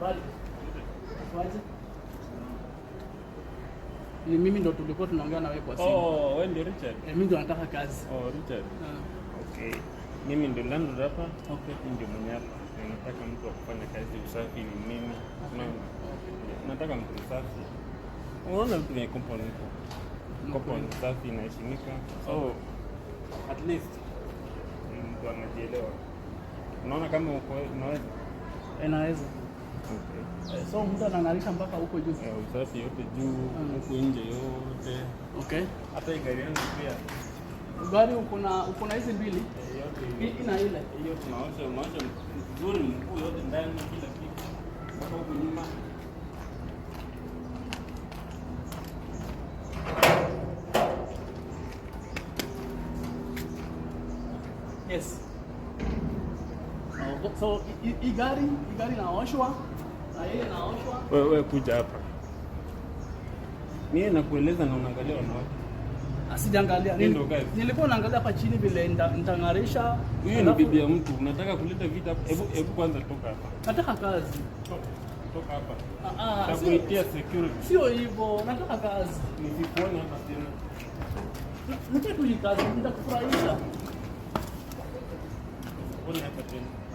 Habari. Ni mimi ndo tulikuwa tunaongea na wewe kwa simu. Oh, wewe ndio Richard. Eh, mimi ndo nataka kazi. Oh, Richard. Uh. Okay. Mimi ndo landlord hapa. Okay. Mimi ndio mwenye hapa. Nataka mtu wa kufanya kazi usafi ni mimi. Nataka mtu usafi. Unaona mtu mwenye kompani. Kompani safi na inaheshimika. Oh. At least mtu anajielewa. Unaona kama uko unaweza? Inaweza. Okay. So mtu anang'arisha mpaka huko juu. Eh, usafi yote juu, ah. huko nje yote. Okay. Hata gari yangu pia. Gari uko na uko na hizi mbili? Eh, yote. Hii na ile. Eh, hiyo tunaosha maosha nzuri mkuu yote ndani kila kitu. Mpaka huko nyuma. Yes. So hii gari gari naoshwa na yeye naoshwa. Wewe wewe kuja hapa, mimi nakueleza na unaangalia wanawake. Asijaangalia ah, nilikuwa naangalia hapa chini vile nitang'arisha. Wewe ni bibi ya mtu, unataka kuleta vita hapa? Hebu hebu kwanza toka hapa, nataka kazi. Toka hapa, Ah ah. takuitia security. Sio hivyo, nataka kazi. Nisikuone hapa tena, Nataka nitakujikazi, nitakufurahisha. Kuna hapa tena